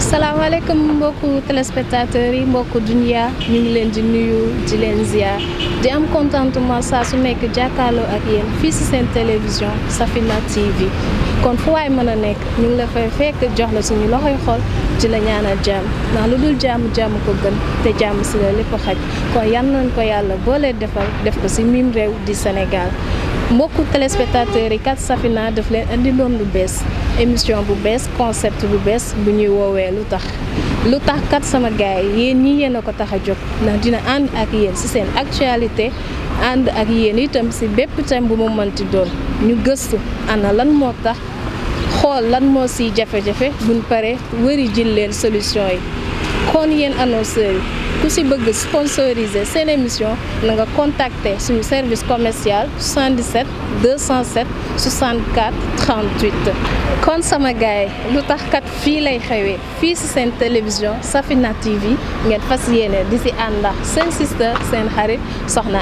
salaamaaleykum mbokku téléspectateurs yi mbokku dunia ñu ngi leen di nuyu di leen ziar di am contentement saa su nekk jàkkaaloo ak yéen fii ci seen télévision Safina TV kon fu waay mën a nekk ñu ngi la fay fekk jox la suñu loxoy xol. di la ñaanal jàmm ndax lu dul jàmm jàmm ko gën te jàmm si la lépp xaj kon yan nañ ko yàlla boole defal def ko si mim réew di Sénégal mbokku téléspectateurs yi kat safina daf leen andi loon lu bees émission bu bees concept bu bees bu ñuy woowee lu tax lu tax kat sama gaay yéen ñi yéen a ko tax a jóg ndax dina ànd ak yéen si seen actualité ànd ak yéen itam si bépp thème bu mu mënti doon ñu gëstu ana lan moo tax xool lan moo si jafe buñ wëri solution yi kon ku sponsoriser seen émission nga contacter service commercial 77 207 64 38. kon sama lu tax kat lay télévision Safina TV ngeen di sister seen xarit soxna